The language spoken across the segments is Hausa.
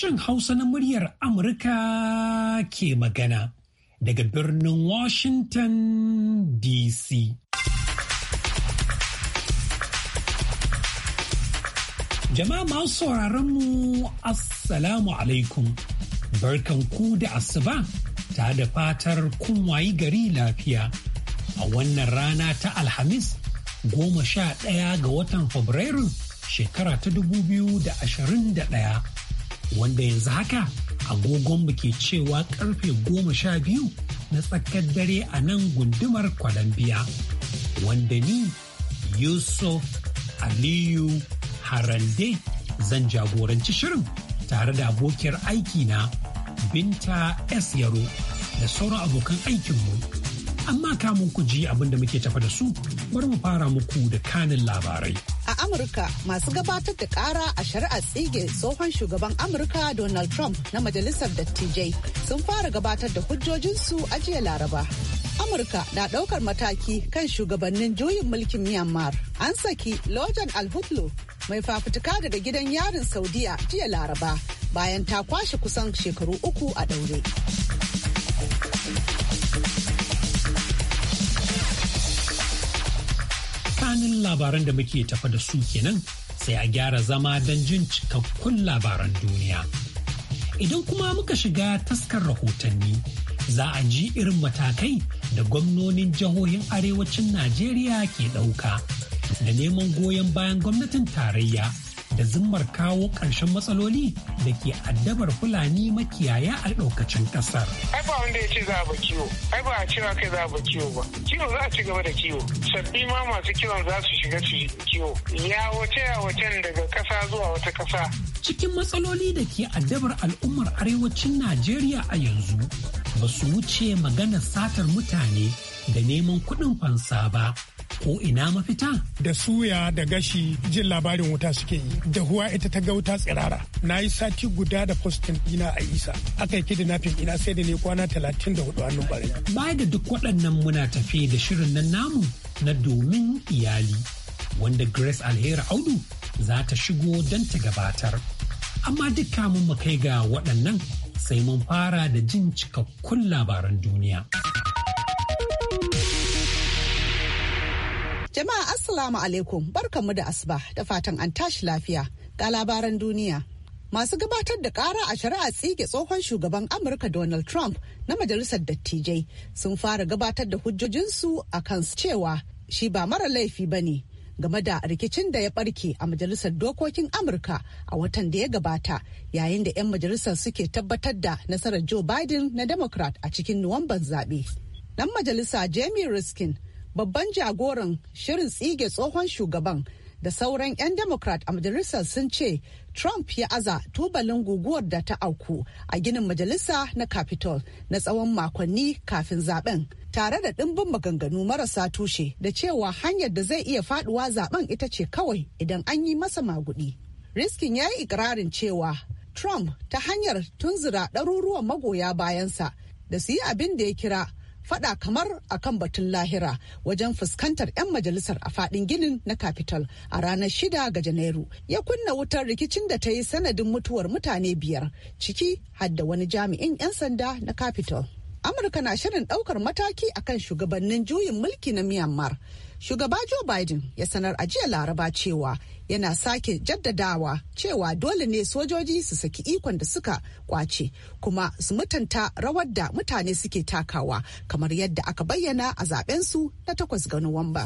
Sashen Hausa na muryar Amurka ke magana daga birnin Washington DC. Jama'a masu sauraronmu Assalamu alaikum. Barkan ku da asuba ta da fatar kun gari lafiya a wannan rana ta Alhamis goma sha ɗaya ga watan fabrairu shekara ta dubu biyu da ashirin da ɗaya. wanda yanzu haka agogonmu ke cewa karfe goma sha biyu na tsakar dare a nan gundumar kwalambiya. Wanda ni Yusuf Aliyu Harande zan jagoranci shirin tare da abokiyar aiki na Binta S. Yaro da sauran abokan aikinmu. Amma kamun ku ji abin muke tafa da su bari mu fara muku da kanin labarai. a Amurka masu gabatar da kara a shari'ar tsige tsohon shugaban Amurka Donald Trump na Majalisar Dattijai sun fara gabatar da hujjojinsu a jiya Laraba. Amurka na ɗaukar mataki kan shugabannin juyin mulkin Myanmar. An saki Lojan Alhutlu mai fafutuka daga gidan yarin Saudiya jiya Laraba bayan ta kwashe kusan shekaru uku a ɗaure. kanun labaran da muke tafa da su kenan sai a gyara zama don jin cikakkun labaran duniya. Idan kuma muka shiga taskar rahotanni, za a ji irin matakai da gwamnonin jihohin arewacin Najeriya ke ɗauka da neman goyon bayan gwamnatin tarayya da zimmar kawo ƙarshen matsaloli da ke addabar Fulani makiyaya a ɗaukacin ƙasar. Ai ba wanda ya ce za a ba kiwo, ai ba a cewa kai za a ba kiwo ba. Kiwo za a ci gaba da kiwo. Sabbi ma masu kiwon za su shiga su kiwo. Ya wace ya wacen daga ƙasa zuwa wata ƙasa. Cikin matsaloli da ke addabar al'ummar arewacin Najeriya a yanzu ba su wuce maganar satar mutane da neman kuɗin fansa ba. ko ina mafita? Da suya da gashi jin labarin wuta suke yi. Da huwa ita ta ga wuta tsirara. Na yi sati guda da postin ina a isa. Aka yi kidnapping ina sai da ne kwana talatin da hudu hannun bari. Baya da duk waɗannan muna tafe da shirin nan namu na domin iyali. Wanda Grace Alhera Audu za ta shigo don ta gabatar. Amma duk kamun mu kai ga waɗannan sai mun fara da jin cikakkun labaran duniya. Jama'a Assalamu alaikum barkanmu da asuba da fatan an tashi lafiya ga labaran duniya. Masu gabatar da kara a shari'a tsige tsohon shugaban Amurka Donald Trump na majalisar dattijai sun fara gabatar da hujjojinsu a kan cewa shi ba mara laifi ba ne game da rikicin da ya barke a majalisar dokokin Amurka a watan da ya gabata yayin da 'yan majalisar suke tabbatar da nasarar Joe Biden na Democrat a cikin Nuwamban zaɓe. Dan majalisa Jamie Riskin babban jagoran shirin tsige tsohon shugaban da sauran 'yan democrat a majalisar sun ce trump ya aza tubalin guguwar da ta auku a ginin majalisa na capitol na tsawon makonni kafin zaben tare da ɗimbin maganganu marasa tushe da cewa hanyar da zai iya faduwa zaben ita ce kawai idan an yi masa magudi riskin ya yi ikirarin cewa trump ta hanyar tunzura ɗaruruwan magoya bayansa da su yi abin da ya kira fada kamar a kan batun lahira wajen fuskantar 'yan majalisar a fadin ginin na capital a ranar shida ga janairu ya kunna wutar rikicin da ta yi sanadin mutuwar mutane biyar ciki hadda wani jami'in 'yan sanda na capital amurka na shirin daukar mataki akan shugabannin juyin mulki na myanmar shugaba joe biden ya sanar a jiya laraba cewa yana sake jaddadawa cewa dole ne sojoji su saki ikon da suka kwace kuma su mutunta rawar da mutane suke takawa kamar yadda aka bayyana a su na takwas ga Nuwamba.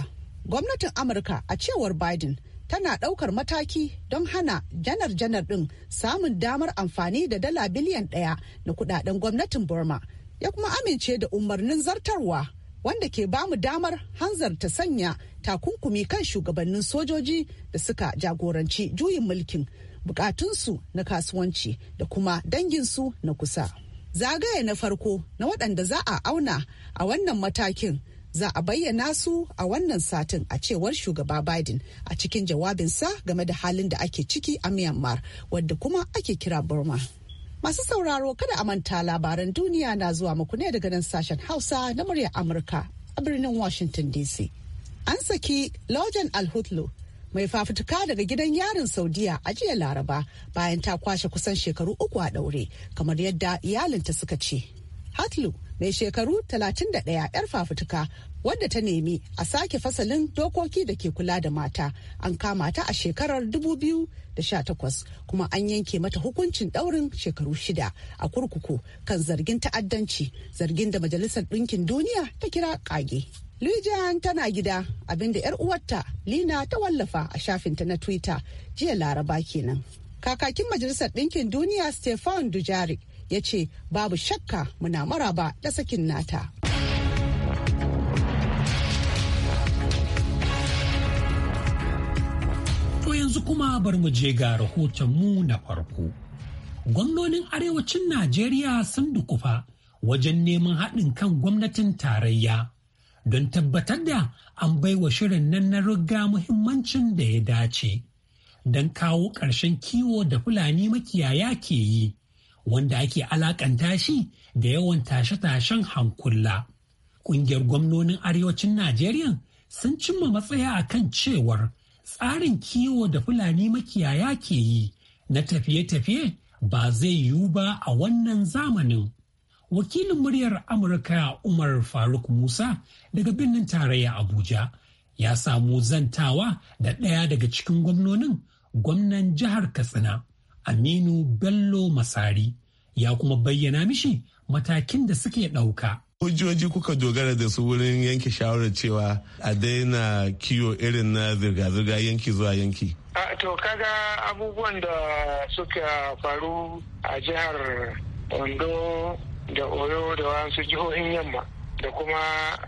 Gwamnatin Amurka a cewar Biden tana ɗaukar mataki don hana janar-janar ɗin samun damar amfani da dala biliyan ɗaya na kudaden gwamnatin Burma ya kuma amince da umarnin zartarwa wanda ke bamu damar hanzarta sanya takunkumi kan shugabannin sojoji da suka jagoranci juyin mulkin bukatunsu na kasuwanci da kuma danginsu na kusa. Zagaya na farko na waɗanda za a auna a wannan matakin za a bayyana su a wannan satin a cewar shugaba Biden a cikin jawabinsa game da halin da ake ciki a Myanmar wadda kuma ake kira Burma. Masu sauraro kada a manta labaran duniya na zuwa muku ne daga nan sashen Hausa na muryar Amurka a birnin Washington DC. An saki Lojan Alhutlu mai fafutuka daga gidan yarin Saudiya a jiya Laraba bayan ta kwashe kusan shekaru uku a ɗaure kamar yadda iyalinta suka ce. Hatlu mai shekaru 31 'yar fafutuka wadda ta nemi a sake fasalin dokoki da ke kula da mata an kama ta a shekarar 2018 kuma an yanke mata hukuncin daurin shekaru shida a kurkuku kan zargin ta'addanci zargin da majalisar ɗinkin duniya ta kira kage. Lijan tana gida abinda 'yar uwarta Lina ta wallafa a shafinta na Twitter jiya Laraba kenan. Kakakin Majalisar Ɗinkin Duniya Stefan dujari ya ce babu shakka muna maraba da sakin nata. yanzu kuma bar mu je ga rahotonmu na farko. Gwamnonin arewacin Najeriya sun dukufa wajen neman haɗin kan gwamnatin tarayya don tabbatar da an baiwa shirin nan na riga muhimmancin da ya dace don kawo ƙarshen kiwo da Fulani makiyaya ke yi wanda ake alakanta shi da yawan tashe-tashen hankula. Ƙungiyar gwamnonin arewacin Najeriya sun cimma matsaya a kan cewar tsarin kiwo da fulani makiyaya ke yi na tafiye-tafiye ba zai yiwu ba a wannan zamanin. Wakilin muryar Amurka Umar Faruk Musa daga birnin tarayya Abuja ya samu zantawa da ɗaya daga cikin gwamnonin gwamnan jihar Katsina Aminu Bello Masari ya kuma bayyana mishi matakin da suke ɗauka. hujjoji kuka dogara da su wurin yanke shawarar cewa a daina kiwo irin na zirga-zirga yanki zuwa yanki? to kaga abubuwan da suka faru a jihar ondo da oyo da wasu jihohin yamma da kuma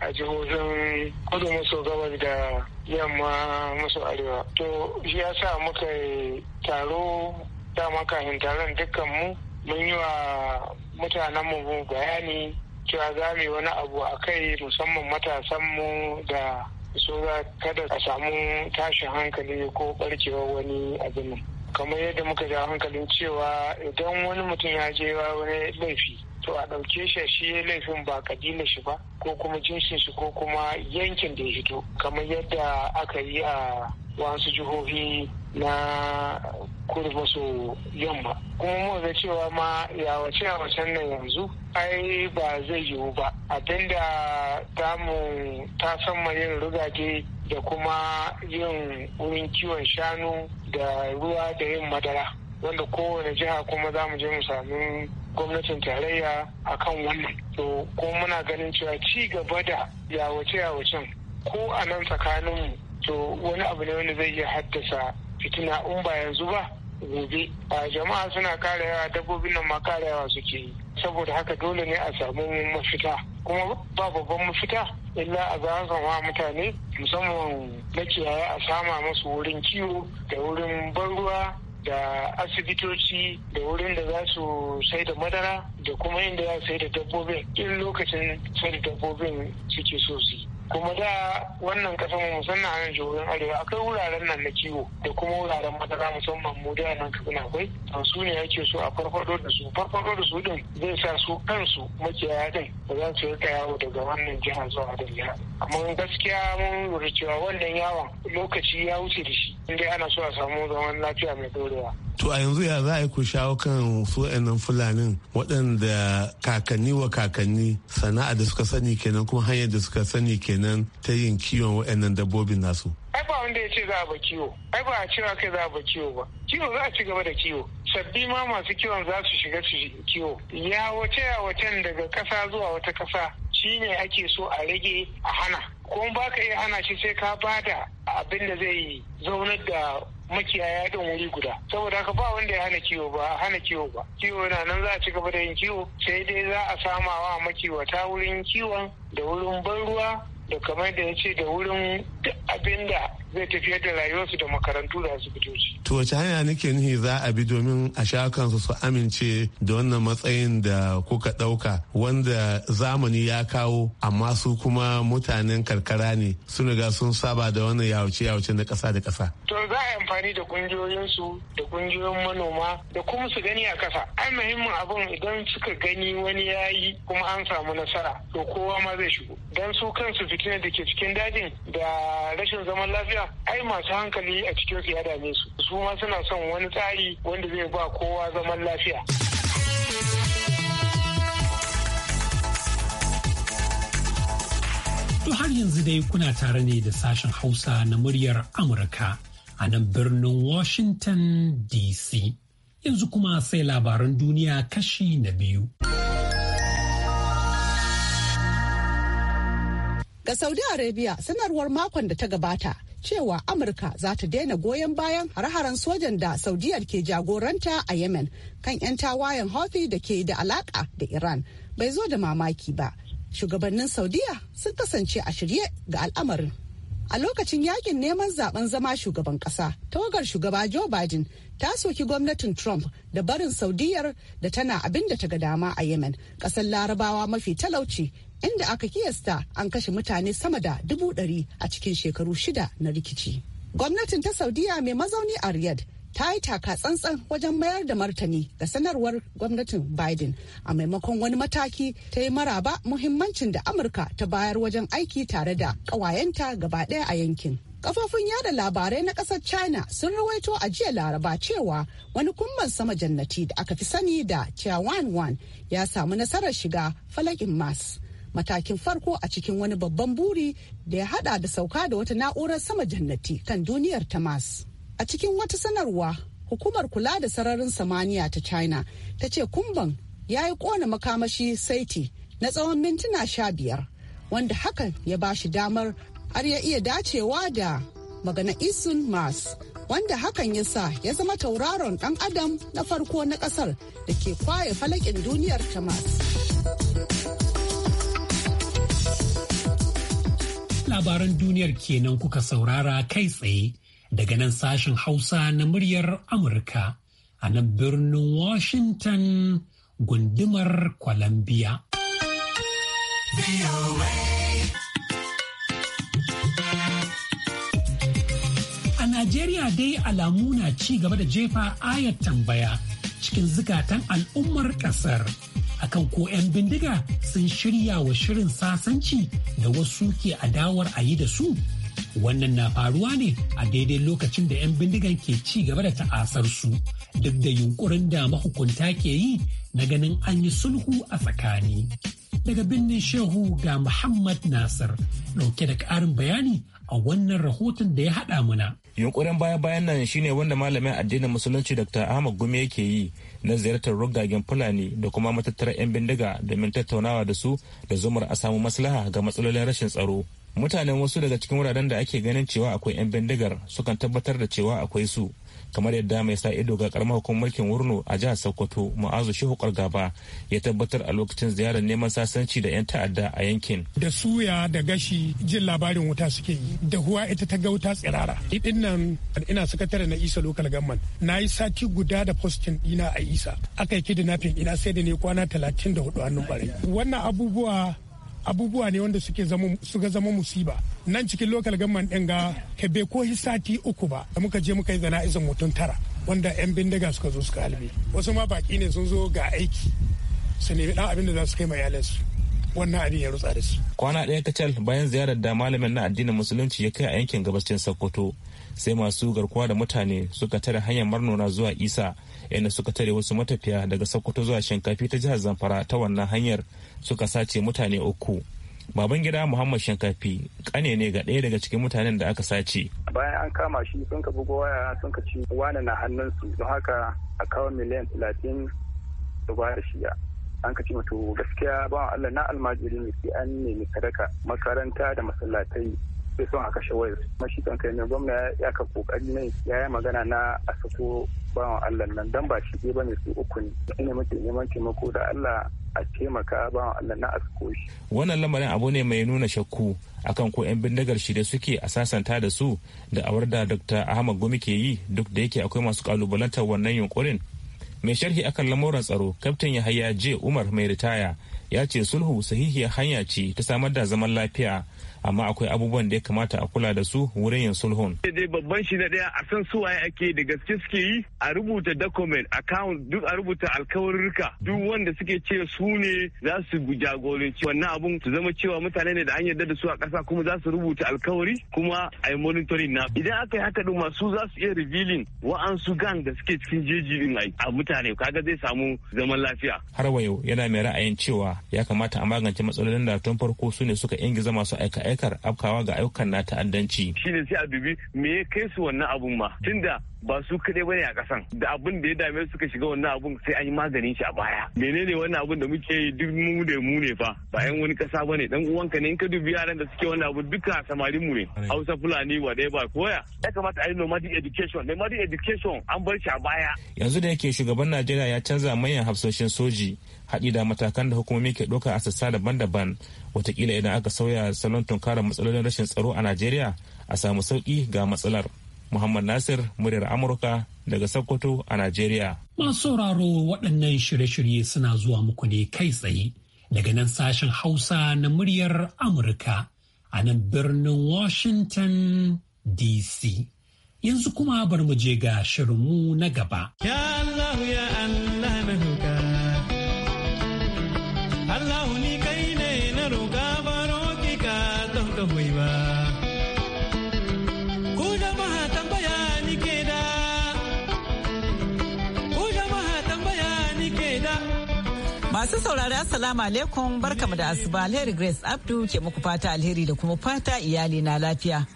a jihohin kudu maso gabas da yamma maso arewa to shi ya sa muka yi taro dama kafin taron dukkanmu mun yi wa mutanenmu bayani cewa za mu yi wani abu a kai musamman matasanmu da so za kada a samu tashin hankali ko barkewar wani abin kamar yadda muka ja hankalin cewa idan wani mutum ya je wani laifi To a ɗauke shi shi ya laifin ba kabila shi ba ko kuma jinsin shi ko kuma yankin da ya hito kamar yadda aka yi a wasu jihohi na kudu maso yamma kuma mu ga cewa ma a wasan nan yanzu ai ba zai yiwu ba abinda damu ta samma yin rigage da kuma yin wurin kiwon shanu da ruwa da yin madara wanda kowane jiha kuma za mu je mu sami gwamnatin tarayya a kan wannan to ko muna ganin cewa ci gaba da yawace yawacen ko a nan tsakaninmu to wani abu ne wanda zai iya haddasa fitina in ba yanzu ba gobe a jama'a suna karewa dabbobin nan ma karewa suke yi saboda haka dole ne a samu mafita kuma ba babban mafita illa a zazama mutane musamman makiyaya a sama masu wurin kiwo da wurin ban ruwa da asibitoci da wurin da za su sai da madara da kuma inda za su sai da dabbobin in lokacin sai da dabbobin suke so su yi kuma da wannan kasan mu musamman a nan arewa akwai wuraren nan na kiwo da kuma wuraren madara musamman mu da nan kuna akwai to su ne ake so a farfado da su farfado da su din zai sa su kansu makiyaya din da za su rika yawo daga wannan jiha zuwa da jiha amma gaskiya mun lura cewa wannan yawon lokaci ya wuce da shi inda ana so a samu zaman lafiya mai dorewa To a yanzu ya za a yi ku shawo kan su nan fulanin waɗanda kakanni wa kakanni sana'a da suka sani kenan kuma hanyar da suka sani kenan kenan ta yin kiwon wa'annan dabbobin nasu ai ba wanda ya ce za a ba kiwo ai ba a cewa kai za a ba kiwo ba kiwo za a ci gaba da kiwo sabbi ma masu kiwon za su shiga su kiwo ya wace ya wacen daga kasa zuwa wata kasa shi ne ake so a rage a hana Ko ba ka iya hana shi sai ka ba da abin da zai yi zaunar da makiyaya ɗin wuri guda saboda haka ba wanda ya hana kiwo ba hana kiwo ba kiwo na nan za a ci gaba da yin kiwo sai dai za a sama wa makiwata wurin kiwon da wurin ban ruwa da kamar da ya ce da wurin abin da zai tafiyar da rayuwarsu da makarantu da asibitoci. To wace hanya nake nihi za a bi domin a sha kansu su amince da wannan matsayin da kuka ɗauka wanda zamani ya kawo amma su kuma mutanen karkara ne sun riga sun saba da wannan yawuce yawuce na ƙasa da ƙasa. To za a yi amfani da ƙungiyoyinsu da ƙungiyoyin manoma da kuma su gani a ƙasa. Ai muhimmin abin idan suka gani wani ya yi kuma an samu nasara to kowa ma zai shigo. Dan su kansu fitinar da ke cikin dajin da rashin zaman lafiya tafiya ai masu hankali a cikin su ya dame su su ma suna son wani tsari wanda zai ba kowa zaman lafiya To har yanzu dai kuna tare ne da sashen Hausa na muryar Amurka a nan birnin Washington DC. Yanzu kuma sai labaran duniya kashi na biyu. Ga Saudi Arabia sanarwar makon da ta gabata cewa amurka za ta daina goyon bayan hare-haren sojan da saudiyar ke jagoranta a yemen kan 'yan tawayen houthi da ke da alaka da iran bai zo da mamaki ba shugabannin saudiya sun kasance a shirye ga al'amarin a lokacin yakin neman zaben zama shugaban ƙasa, tawagar shugaba joe biden ta soki gwamnatin trump da barin saudiyar da tana abin da ta ga dama a yemen kasar larabawa mafi talauci inda aka kiyasta an kashe mutane sama da dubu ɗari a cikin shekaru shida na rikici. Gwamnatin ta Saudiya mai mazauni a Riyadh ta yi taka tsantsan wajen mayar da martani ga sanarwar gwamnatin Biden a maimakon wani mataki ta yi maraba muhimmancin da Amurka ta bayar wajen aiki tare da ƙawayenta gaba ɗaya a yankin. Kafofin yada labarai na ƙasar China sun rawaito a jiya Laraba cewa wani kumman sama jannati da aka fi sani da Tiawan Wan ya samu nasarar shiga falakin Mars. matakin farko a cikin wani babban buri da ya hada da sauka da wata na'urar sama jannati kan duniyar ta a cikin wata sanarwa hukumar kula da sararin samaniya ta china ta ce kumban ya yi kona makamashi saiti na tsawon mintuna sha biyar wanda hakan ya ba shi damar har ya iya dacewa da magana isun mas wanda hakan ya sa ya zama tauraron dan adam na farko na kasar da ke kwaye falakin duniyar ta mars. Labaran duniyar kenan kuka saurara kai tsaye daga nan sashen Hausa na muryar Amurka a nan birnin Washington gundumar Columbia. A Najeriya dai alamu na ci gaba da jefa ayat tambaya cikin zukatan al'ummar ƙasar. akan ko 'yan bindiga sun shirya wa shirin sasanci da wasu ke adawar a yi da su wannan na faruwa ne a daidai lokacin da 'yan bindigan ke ci gaba da ta'asar su duk da yunkurin da mahukunta ke yi na ganin an yi sulhu a tsakani daga birnin shehu ga muhammad nasir dauke da ƙarin bayani a wannan rahoton da ya haɗa muna yunkurin baya bayan nan shine wanda malamin addinin musulunci dr ahmad gumi yake yi na ziyartar rugagen fulani da kuma matattarar 'yan bindiga domin tattaunawa da su da zumar a samu maslaha ga matsalolin rashin tsaro mutanen wasu daga cikin wuraren da ake ganin cewa akwai 'yan bindigar sukan tabbatar da cewa akwai su kamar yadda mai sa ido ga karamar hukumar mulkin wurno a jihar sokoto ma'azu shehu gaba ya tabbatar a lokacin ziyarar neman sasanci da 'yan ta'adda a yankin da suya da gashi jin labarin wuta suke yi da huwa ita ta ga wuta tsirara idin nan ina sakatare na isa lokal government na yi sati guda da postin ina a isa aka yi kidnapping ina sai da ne kwana talatin da hudu hannun barai wannan abubuwa abubuwa ne wanda suke suka zama musiba nan cikin lokal gamman ɗin ga hebe ko sati uku ba da muka je muka yi zana'izan mutum tara wanda 'yan bindiga suka zo suka halbe wasu ma baki ne sun zo ga aiki su nemi ɗan abin da za su kai ma su wannan abin ya rutsa da su. Kwana ɗaya kacal bayan ziyarar da malamin na addinin musulunci ya kai a yankin gabashin Sokoto, sai masu garkuwa da mutane suka tare hanyar marnona zuwa isa inda suka tare wasu matafiya daga sokoto zuwa shinkafi ta jihar zamfara ta wannan hanyar suka sace mutane uku baban gida muhammad shinkafi kane ne ga ɗaya daga cikin mutanen da aka sace bayan an kama shi sun ka bugo waya sun ka ci wani na hannunsu don haka a kawo miliyan talatin da bayar shiya an ka ci mutu gaskiya ba Allah na almajiri ne sai an nemi sadaka makaranta da masallatai ke son a kashe wayar mashi kan kai ne gwamna ya ka kokari ne ya yi magana na a sako bawan allah nan dan ba shi ba bane su uku ne ina muke neman taimako da allah a taimaka bawan allah na a sako shi wannan lamarin abu ne mai nuna shakku akan ko 'yan bindigar shi da suke a sasanta da su da awar da dr ahmad gumi ke yi duk da yake akwai masu kalubalantar wannan yunkurin mai sharhi akan lamuran tsaro kaftin yahaya j umar mai ritaya ya ce sulhu sahihiyar hanya ce ta samar da zaman lafiya amma akwai abubuwan da ya kamata a kula da su wurin yin sulhun. Dai babban shi na ɗaya a san su waye ake da gaske suke yi a rubuta document account duk a rubuta alkawarurka duk wanda suke ce su ne za su jagoranci wannan abun su zama cewa mutane ne da an yarda da su a ƙasa kuma za su rubuta alkawari kuma a yi monitoring na. Idan aka yi haka ɗin masu za su iya revealing wa'ansu gang da suke cikin jeji ɗin a mutane kaga zai samu zaman lafiya. Har wa yana mai ra'ayin cewa ya kamata a magance matsalolin da tun farko su ne suka ingiza masu aika ma'aikatar afkawa ga ayyukan na ta'addanci. Shi ne sai a dubi me ya kai su wannan abun ma tunda ba su kaɗai bane a ƙasan da abin da ya dame su suka shiga wannan abun sai an yi maganin shi a baya. Menene wannan abun da muke yi duk mu da mu ne fa ba yan wani ƙasa bane dan uwanka ne in ka dubi yaran da suke wannan abun duka samarin mu ne Hausa Fulani wa ɗaya ba koya ya kamata a yi nomadic education nomadic education an bar shi a baya. Yanzu da yake shugaban Najeriya ya canza manyan hafsoshin soji haɗi da matakan da hukumomi ke ɗauka a sassa daban-daban watakila idan aka sauya salon tunkarar matsalolin rashin tsaro a najeriya a samu sauƙi ga matsalar muhammad nasir muryar amurka daga sokoto a najeriya masu sauraro waɗannan shirye-shirye suna zuwa muku ne kai tsaye daga nan sashen hausa na muryar amurka a nan birnin washington dc yanzu kuma bar mu je ga shirinmu na gaba Assalamu alaikum barkamu da asuba alheri Grace Abdu ke muku fata alheri da kuma fata iyali na lafiya.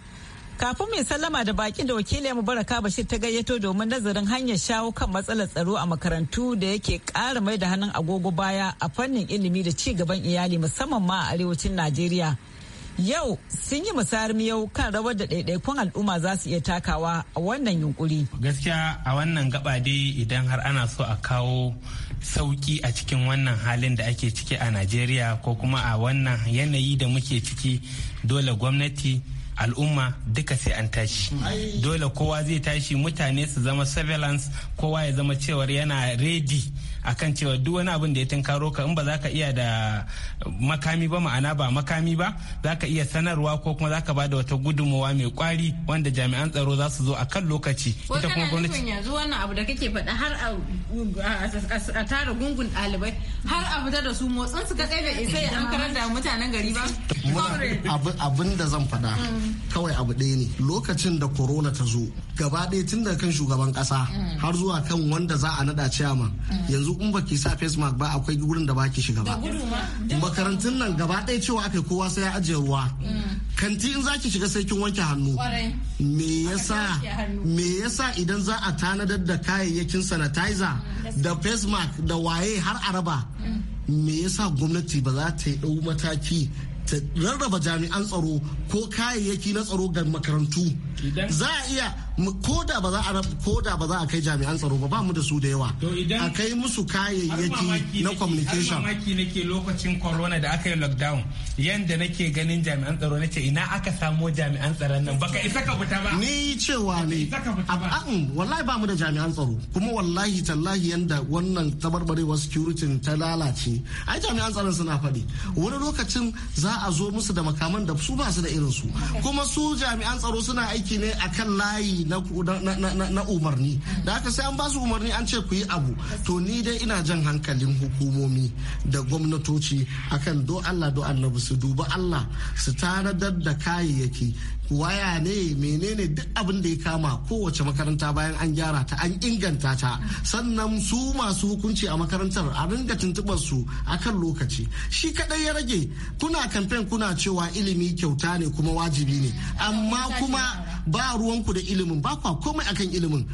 Kafin mai sallama da bakin da wakilai mu Baraka Bashir ta gayyato domin nazarin hanyar shawo kan matsalar tsaro a makarantu da yake ƙara mai da hannun agogo baya a fannin ilimi da ci gaban iyali musamman ma a arewacin Najeriya. Yau sun yi musayar yau kan rawar da ɗaiɗaikun al'umma za su iya takawa a wannan yunkuri. Gaskiya a wannan gaba dai idan har ana so a kawo sauki a cikin wannan halin da ake ciki a Najeriya ko kuma a wannan yanayi da muke ciki dole gwamnati al'umma duka sai an tashi dole kowa zai tashi mutane su zama surveillance kowa ya zama cewar yana ready akan cewa duk wani abin da ya tunkaro ka in ba za ka iya da makami ba ma'ana ba makami ba za ka iya sanarwa ko kuma za ka ba da wata gudunmawa mai kwari wanda jami'an tsaro za su zo a kan lokaci. ita kuma gwamnati yanzu wannan abu da kake faɗa har a tara gungun ɗalibai har a fita da su motsin su tsaye da isa an da mutanen gari ba. abin da zan faɗa kawai abu ɗaya ne lokacin da corona ta zo gaba ɗaya tun daga kan shugaban ƙasa har zuwa kan wanda za a naɗa ciyama yanzu yanzu in baki sa face mask ba akwai gurin da baki shiga ba makarantun nan gaba ɗaya cewa aka kowa sai ya ajiye ruwa mm. kanti in zaki shiga sai kin wanke hannu me yasa me yasa idan za a tanadar da kayayyakin sanitizer mm, da face mask da waye har araba mm. me yasa gwamnati ba za ta yi ɗau mataki ta rarraba jami'an tsaro ko kayayyaki na tsaro ga makarantu za a iya ko da ba za a ko da ba za a kai jami'an tsaro ba ba mu da su da yawa a kai musu kayayyaki na communication har mamaki nake lokacin corona da aka yi lockdown yanda nake ganin jami'an tsaro nace ina aka samo jami'an tsaron nan baka isa ka fita ba ni cewa ne an mm, wallahi ba mu da jami'an tsaro kuma wallahi tallahi yanda wannan tabarbarewar security ta lalace ai jami'an tsaron suna faɗi wani lokacin za a zo musu da makaman da su ba su da irin su kuma su jami'an tsaro suna aiki aiki ne a kan layi na umarni da haka sai an basu umarni an ce ku yi abu to ni dai ina jan hankalin hukumomi da gwamnatoci akan do Allah do annabi su duba Allah su tanadar da kayayyaki waya ne menene duk abin da ya kama kowace makaranta bayan an gyara ta an inganta ta sannan su masu hukunci a makarantar a ringa tuntubar su akan lokaci shi kadai ya rage kuna kamfen kuna cewa ilimi kyauta ne kuma wajibi ne amma kuma ba ruwanku da ilimin ba kwa komai akan ilimin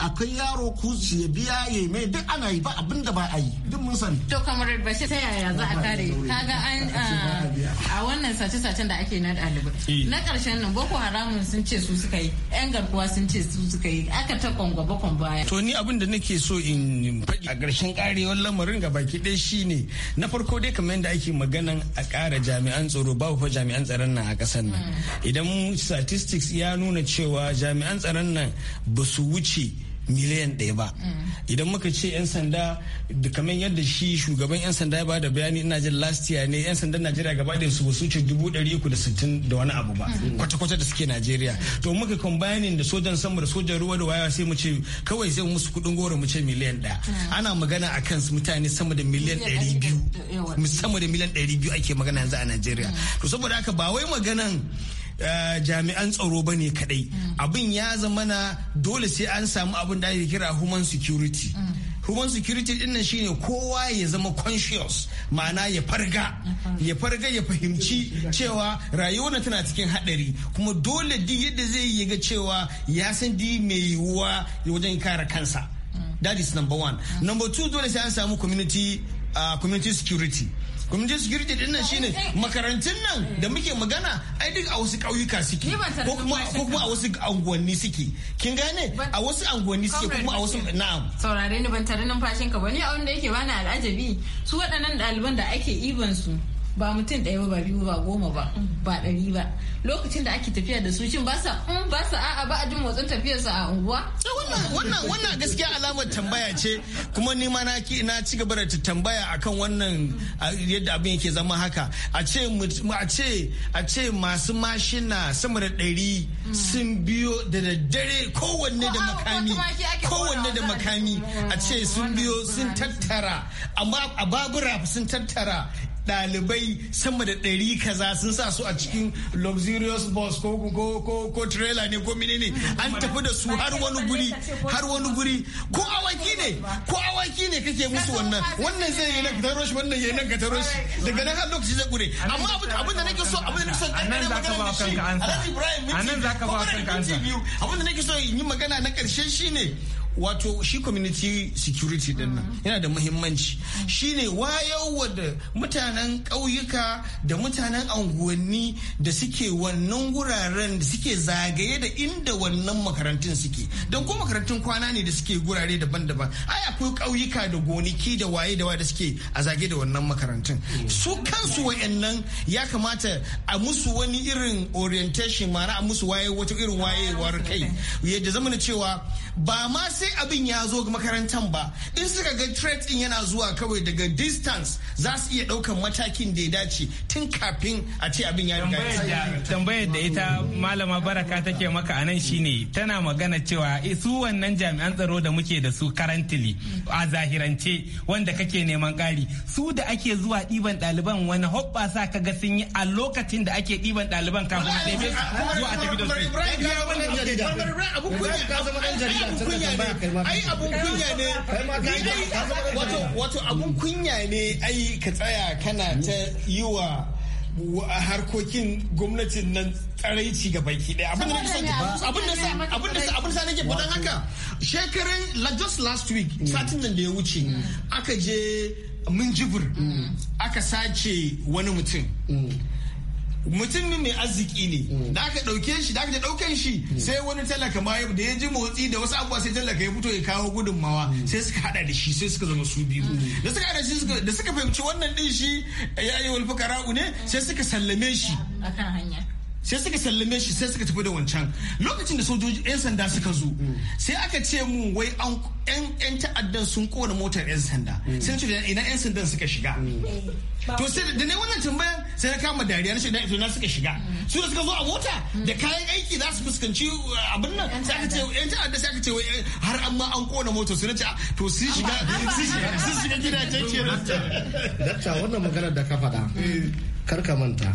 akwai yaro ku ya biya ya mai duk ana yi ba abin da ba a yi duk mun sani to kamar bashi ta yaya za a kare kaga an ah, a wannan sace-sacen da ake na ɗalibai e. na ƙarshen nan boko haramun sun ce su suka yi yan garkuwa sun ce su suka yi aka ta kwangwa bakon baya to ni abin da nake so in faɗi a ƙarshen wani lamarin ga baki ɗaya shine na farko dai kamar yadda ake maganan a ƙara jami'an tsaro babu fa jami'an tsaron nan a ƙasar nan mm. idan statistics ya ya nuna cewa jami'an tsaron nan ba su wuce miliyan ɗaya ba idan muka ce 'yan sanda da kamar yadda shi shugaban 'yan sanda ya ba da bayani ina jin last year ne 'yan sandan najeriya gaba da su su ce dubu ɗari uku da sittin da wani abu ba kwata-kwata da suke najeriya to muka combining da sojan sama da sojan ruwa da waya sai mu ce kawai sai musu kuɗin goro mu ce miliyan ɗaya ana magana a kan mutane sama da miliyan ɗari biyu sama da miliyan ɗari biyu ake magana yanzu a najeriya to saboda haka ba wai maganan Eh, jami'an tsaro ba ne kadai mm. abin ya zama na dole sai an samu abin da ake kira human security mm. human security din nan shine kowa ya zama conscious ma'ana ya farga ya farga ya fahimci cewa rayuwar tana cikin hadari kuma dole di yadda zai yi ga cewa ya san di mai yiwuwa wajen kare kansa mm. that is number one number two dole sai an samu community uh, community security kwamitin security din nan shine makarantun nan da muke magana ai duk a wasu ƙauyuka suke ko kuma a wasu anguwanni suke kin gane a wasu anguwanni suke kuma a wasu na'am saurare ni ban tare numfashin ka bane a wanda yake bana al'ajabi su waɗannan ɗaliban da ake iban su ba mutum ɗaya ba biyu ba goma ba ba ɗari ba lokacin da ake tafiya da su shin ba sa hmm, ba sa a'a ba a jin motsin tafiyar sa a unguwa wannan wannan wannan gaskiya alamar tambaya ce kuma ni ma na ki na ci gaba da tambaya akan wannan yadda abin yake zama haka a ce a ce a ce masu mashina sama da ɗari sun biyo da daddare kowanne da makami kowanne da makami a ce sun biyo sun tattara amma a babura sun tattara dalibai sama da ɗari kaza sun sa su a cikin luxurious bus ko ko ko ko trailer ne ko mini ne an tafi da su har wani guri har wani guri ko awaki ne ko awaki ne kake musu wannan wannan zai yi nan ka taro shi wannan yayin nan ka taro shi daga nan har lokaci zai gure amma abin da nake so abin da nake so kan nan zaka ba kanka ansa Alhaji nan zaka ba kanka ansa abin da nake so in yi magana na karshe shine wato shi community security din nan yana da muhimmanci shi ne wayowa da mutanen ƙauyuka da mutanen anguwanni da suke wannan wuraren da suke zagaye da inda wannan makarantun suke don ko makarantun kwana ne da suke gurare daban-daban ai akwai ƙauyuka da gonaki da waye da waye da suke a zage da wannan makarantun su kansu wayannan ya kamata a musu wani irin orientation mara a musu waye wata irin wayewar kai yadda zamana cewa ba ma sai abin ya zo makarantar ba in suka ga threat din yana zuwa kawai daga distance za su iya ɗaukan matakin da ya dace tun kafin a ce abin ya riga tambayar da ita malama baraka take maka anan shine tana magana cewa su wannan jami'an tsaro da muke da su currently a zahirance wanda kake neman ƙari su da ake zuwa ɗiban ɗaliban wani sa ka ga sun yi a lokacin da ake ɗiban ɗaliban kafin ɗebe zuwa a tafi da su. abun kunya ne ai abun kunya ne wato abun mm. kunya ne ai ka tsaya kana ta yi wa harkokin gwamnatin nan tsaraici ga baki daya abin da abin da nake faɗan haka shekaran just last week mm. satin nan da ya wuce mm. aka je minjibir aka sace wani mutum mutum mai arziki ne mm. da aka dauke shi da aka daukan shi mm. sai wani talaka ma da ya ji motsi da wasu abubuwa sai talaka ya fito ya kawo gudunmawa mm. sai suka hada da shi sai suka zama su biyu da suka hada shi da suka fahimci wannan din shi ya yi walfukara'u ne sai suka sallame shi akan hanya sai suka sallame shi sai suka tafi da wancan lokacin da sojoji 'yan sanda suka zo sai aka ce mu wai yan ta'addan sun kona motar 'yan sanda sai ce ina 'yan sandan suka shiga to sai da ne wannan tambayan sai na kama dariya na shaida ina suka shiga su da suka zo a mota da kayan aiki za su fuskanci uh, abin nan sai aka ce 'yan ta'adda sai aka ce wai eh, har an ma an kona motar su na ce ah, to su shiga su shiga gidajen kenan dakta wannan maganar da ka faɗa kar ka manta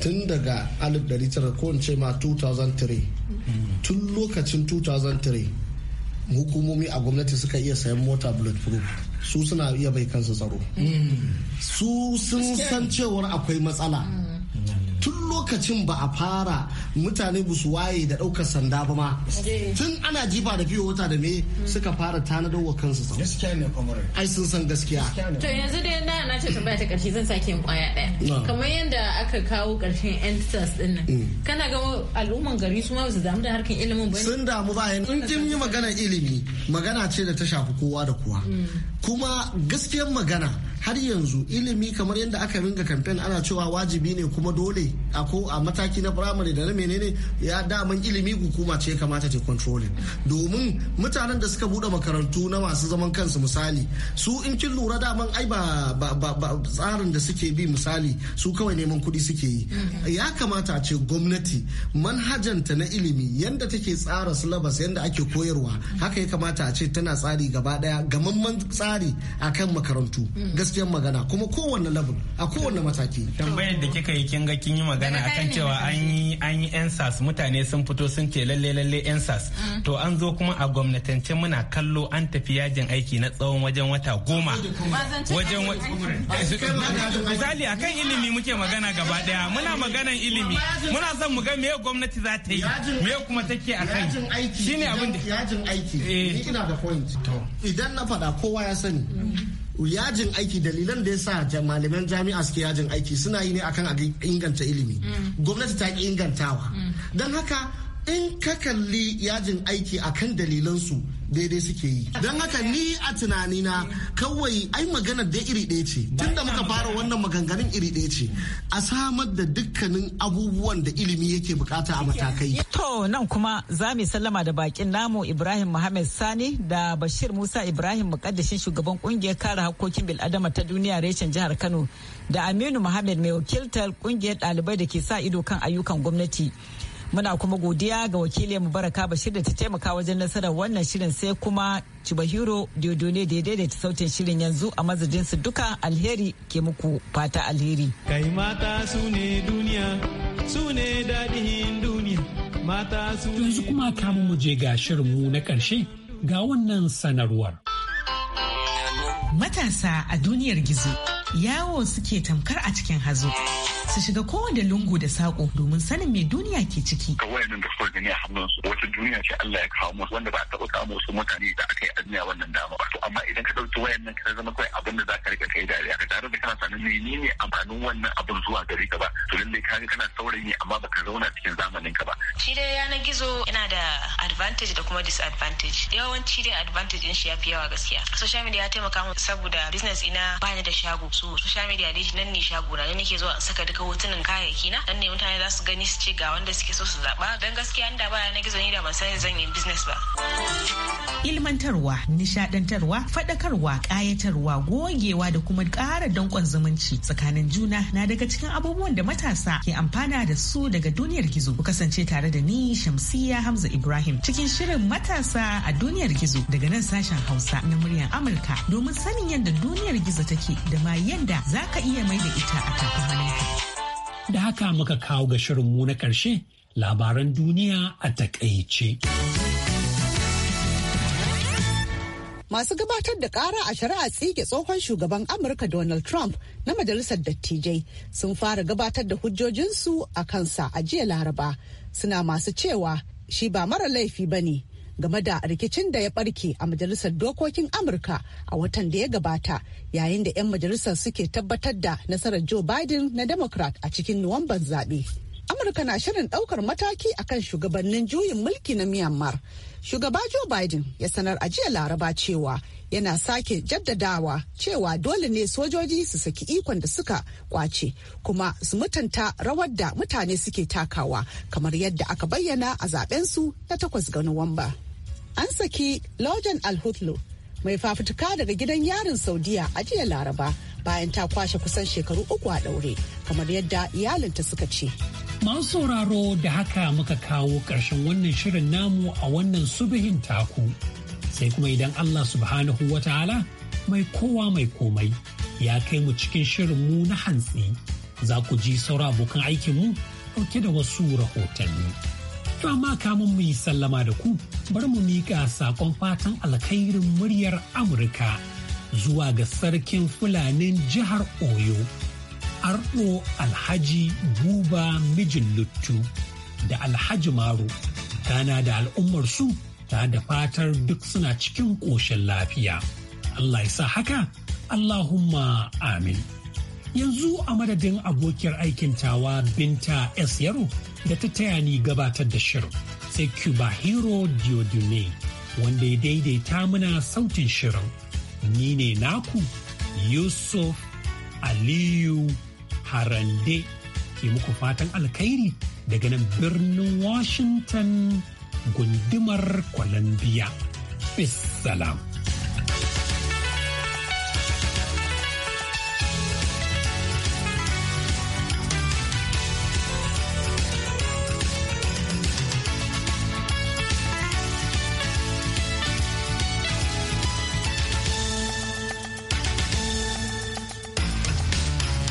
tun daga 1900 ko ce ma 2003 tun lokacin 2003 hukumomi a gwamnati suka iya sayan mota bulletproof su suna iya bai kansu tsaro mm. su sun san cewar akwai matsala mm. lokacin ba a fara mutane ba su waye da ɗaukar sanda ba ma tun ana jifa da fiye wata da me suka fara tanadar wa kansu tsaro gaskiya ne kamar ai sun san gaskiya to yanzu dai na na ce tambaya ta karshe zan sake yin kwaya ɗaya kamar yadda aka kawo karshen entitas din nan mm. kana ga al'umman gari su ma su damu da harkan ilimin ba sun damu ba yanzu in kin yi magana ilimi magana ce da ta shafi kowa da kowa mm. kuma gaskiyar magana har yanzu ilimi kamar yadda aka ringa kamfen ana cewa wajibi ne kuma dole a ko a mataki na firamare da na menene ya daman ilimi hukuma ce kamata ta controlling domin mutanen da suka bude makarantu na masu zaman kansu misali su in kin lura daman ai ba tsarin da suke bi misali su kawai neman kuɗi suke yi mm-hmm. ya kamata a ce gwamnati manhajanta na ilimi yanda take tsara syllabus yanda ake koyarwa haka ya kamata a ce tana tsari gaba daya gamamman tsari akan makarantu mm. gaskiyar magana kuma kowanne level a kowanne mataki tambayar da kika yi kin ga kin yi magana magana kan cewa an yi an yi ensas mutane sun fito sun ce lalle lalle ensas mm. to an zo kuma a gwamnatance muna kallo an tafi yajin aiki na tsawon wajen wata goma wajen misali akan ilimi muke magana gaba daya muna maganan ilimi muna son mu ga me gwamnati za ta yi me kuma take a kai shine abin da yajin aiki eh. ni ina da point idan na faɗa kowa ya sani mm. yajin aiki dalilan da ya sa malaman jami'a suke yajin aiki suna yi ne akan a inganta ilimi mm. gwamnati ta ingantawa mm. don haka in ka kalli yajin aiki akan dalilansu daidai suke yi don haka ni a tunanina kawai ai maganar da iri ɗaya ce tun da muka fara wannan maganganun iri ɗaya ce a samar da dukkanin abubuwan da ilimi yake bukata a matakai to nan kuma za mu sallama da bakin namu ibrahim muhammad sani da bashir musa ibrahim mukaddashin shugaban kungiyar kare hakkokin bil'adama ta duniya reshen jihar kano da aminu muhammad mai wakiltar kungiyar ɗalibai da ke sa ido kan ayyukan gwamnati Muna kuma godiya ga wakilin Mubaraka Bashir da ta taimaka wajen nasarar wannan shirin sai kuma Chibahiro ne da ya daidaita sautin shirin yanzu a mazajin su duka alheri ke muku fata alheri. Kai mata su ne duniya, su ne daɗin duniya, mata su ne. Yanzu kuma kamu mu je ga shirinmu na ƙarshe ga wannan sanarwar. Matasa a duniyar gizo, yawo suke tamkar a cikin hazo. su shiga kowane lungu da sako domin sanin me duniya ke ciki. Ga wayannan da suka gani a hannunsu wata duniya ce Allah ya kawo musu wanda ba a taɓa kawo musu mutane da aka yi duniya wannan dama ba. To amma idan ka ɗauki wayannan ka zama kawai abin da za ka riƙa kai dariya ka tare da kana sanin menene amfanin wannan abin zuwa gari ka ba to lallai ka ga kana saurayi amma baka zauna cikin zamanin ka ba. Shi dai yanar gizo yana da advantage da kuma disadvantage. Yawanci dai advantage in shi ya fi yawa gaskiya. Social media ya taimaka mu saboda business ina bani da shago. So social media dai nan ne shago na nake zuwa in saka duka ga hotunan kayayyaki na dan ne mutane za su gani su ce ga wanda suke so su zaba dan gaskiya inda ba na gizo ni da ban sani zan yi business ba ilmantarwa nishadantarwa fadakarwa kayatarwa gogewa da kuma ƙara dankon zumunci tsakanin juna na daga cikin abubuwan da matasa ke amfana da su daga duniyar gizo ku kasance tare da ni shamsiya hamza ibrahim cikin shirin matasa a duniyar gizo daga nan sashen hausa na muryar amurka domin sanin yadda duniyar gizo take da ma yadda za ka iya mai da ita a tafin hannunka. Da haka muka kawo ga shirin mu na ƙarshe labaran duniya a takaice. Masu gabatar da ƙara a shari'a tsige tsohon shugaban Amurka Donald Trump na Majalisar Dattijai sun fara gabatar da hujjojinsu a kansa a jiya Laraba. Suna masu cewa shi ba mara laifi ba ne game da rikicin da ya barke a majalisar dokokin amurka a watan da ya gabata yayin da 'yan majalisar suke tabbatar da nasarar joe biden na democrat a cikin nuwamban zaɓe amurka na shirin ɗaukar mataki akan shugabannin juyin mulki na myanmar shugaba joe biden ya sanar a jiya laraba cewa yana sake jaddadawa cewa dole ne sojoji su saki ikon da suka kwace kuma su mutunta rawar da mutane suke takawa kamar yadda aka bayyana a zaben su na takwas ga nuwamba. an saki lojan alhutlo mai fafutuka daga gidan yarin saudiya a jiya laraba bayan ta kwashe kusan shekaru uku a ɗaure kamar yadda iyalinta suka ce masu sauraro da haka muka kawo ƙarshen wannan shirin namu a wannan subihin taku sai kuma idan allah subhanahu wataala mai kowa mai komai ya kai mu cikin shirin mu na hantsi za ku ji saura abokan aikinmu ɗauke da wasu rahotanni. To ma kamun mu yi sallama da ku bari mu miƙa saƙon fatan alkhairin muryar Amurka zuwa ga sarkin Fulanin jihar Oyo, Arɗo Alhaji Buba Mijin Luttu da Alhaji Maru, tana da al'ummar su ta da fatar duk suna cikin ƙoshin lafiya. Allah ya sa haka, Allahumma amin. Yanzu a madadin abokiyar aikin tawa Binta S. Yaro da ta taya ni gabatar da shirin sai Cuba Hero Diodune wanda ya daidaita mana sautin shirin. Ni ne naku Yusuf Aliyu Harande ke muku fatan alkhairi daga nan birnin Washington gundumar Columbia. Peace salam.